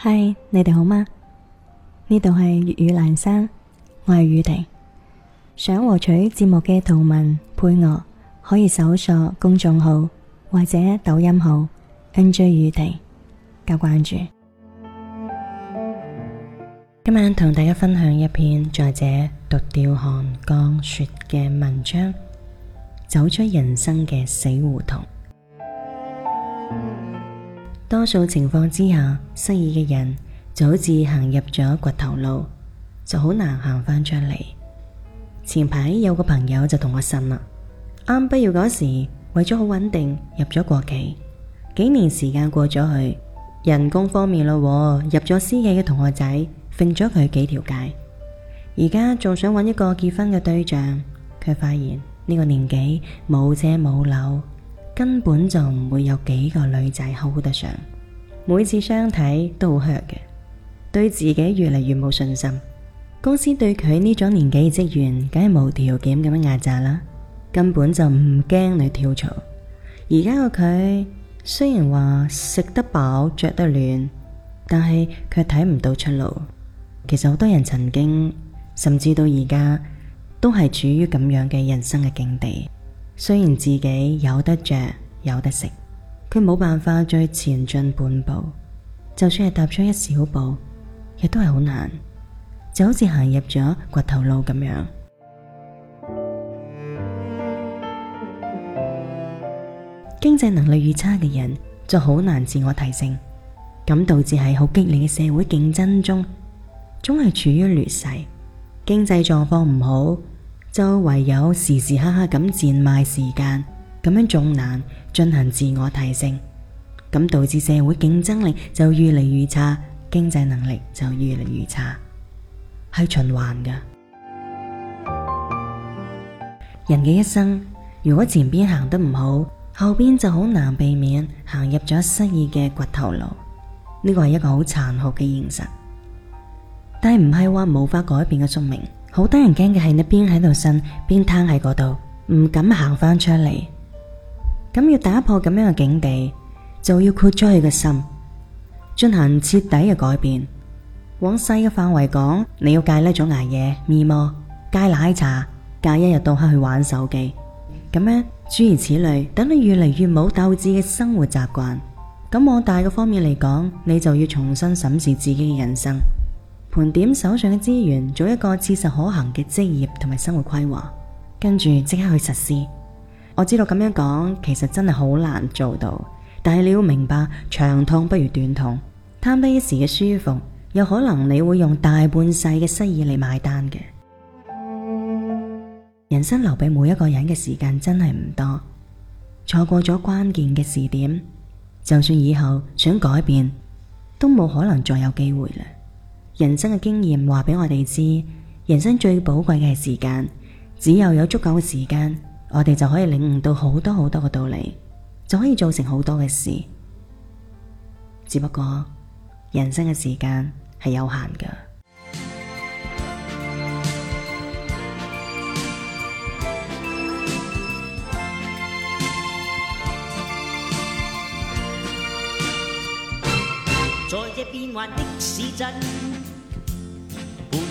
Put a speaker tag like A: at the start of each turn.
A: 嗨，Hi，你哋好嗎？呢度係粵語蘭山，我係宇婷，想獲取節目嘅圖文配樂，可以搜索公眾號或者抖音號 NJ 宇婷」。加關注。今晚同大家分享一篇作者獨釣寒江雪嘅文章，走出人生嘅死胡同。多數情況之下，失意嘅人就好似行入咗掘頭路，就好難行翻出嚟。前排有個朋友就同我呻啦，啱畢業嗰時為咗好穩定入咗國企，幾年時間過咗去，人工方面咯，入咗私企嘅同學仔揈咗佢幾條街，而家仲想揾一個結婚嘅對象，卻發現呢個年紀冇車冇樓。根本就唔會有幾個女仔 hold 得上，每次相睇都好 hurt 嘅，對自己越嚟越冇信心。公司對佢呢種年紀嘅職員，梗係無條件咁樣壓榨啦，根本就唔驚你跳槽。而家個佢雖然話食得飽、着得暖，但係卻睇唔到出路。其實好多人曾經，甚至到而家，都係處於咁樣嘅人生嘅境地。雖然自己有得着有得食，佢冇辦法再前進半步。就算係踏出一小步，亦都係好難。就好似行入咗掘頭路咁樣。 經濟能力越差嘅人，就好難自我提升。咁導致喺好激烈嘅社會競爭中，總係處於劣勢。經濟狀況唔好，就唯有時時刻刻咁賤賣時間，咁樣仲難進行自我提升，咁導致社會競爭力就越嚟越差，經濟能力就越嚟越差，係循環噶。人嘅一生，如果前邊行得唔好，後邊就好難避免行入咗失意嘅掘頭路，呢個係一個好殘酷嘅現實，但係唔係話無法改變嘅宿命。好得人驚嘅係你邊喺度呻，邊攤喺嗰度，唔敢行翻出嚟。咁要打破咁樣嘅境地，就要豁出去嘅心，進行徹底嘅改變。往細嘅範圍講，你要戒呢種捱夜、咪魔、戒奶茶、戒一日到黑去玩手機。咁樣諸如此類，等你越嚟越冇鬥志嘅生活習慣。咁往大嘅方面嚟講，你就要重新審視自己嘅人生。盤點手上嘅資源，做一個切實可行嘅職業同埋生活規劃，跟住即刻去實施。我知道咁樣講，其實真係好難做到，但係你要明白，長痛不如短痛，貪得一時嘅舒服，有可能你會用大半世嘅失意嚟買單嘅。人生留俾每一個人嘅時間真係唔多，錯過咗關鍵嘅時點，就算以後想改變，都冇可能再有機會啦。人生嘅經驗話俾我哋知，人生最寶貴嘅係時間，只有有足夠嘅時間，我哋就可以領悟到好多好多嘅道理，就可以做成好多嘅事。只不過，人生嘅時間係有限㗎。在
B: 這變幻的市鎮。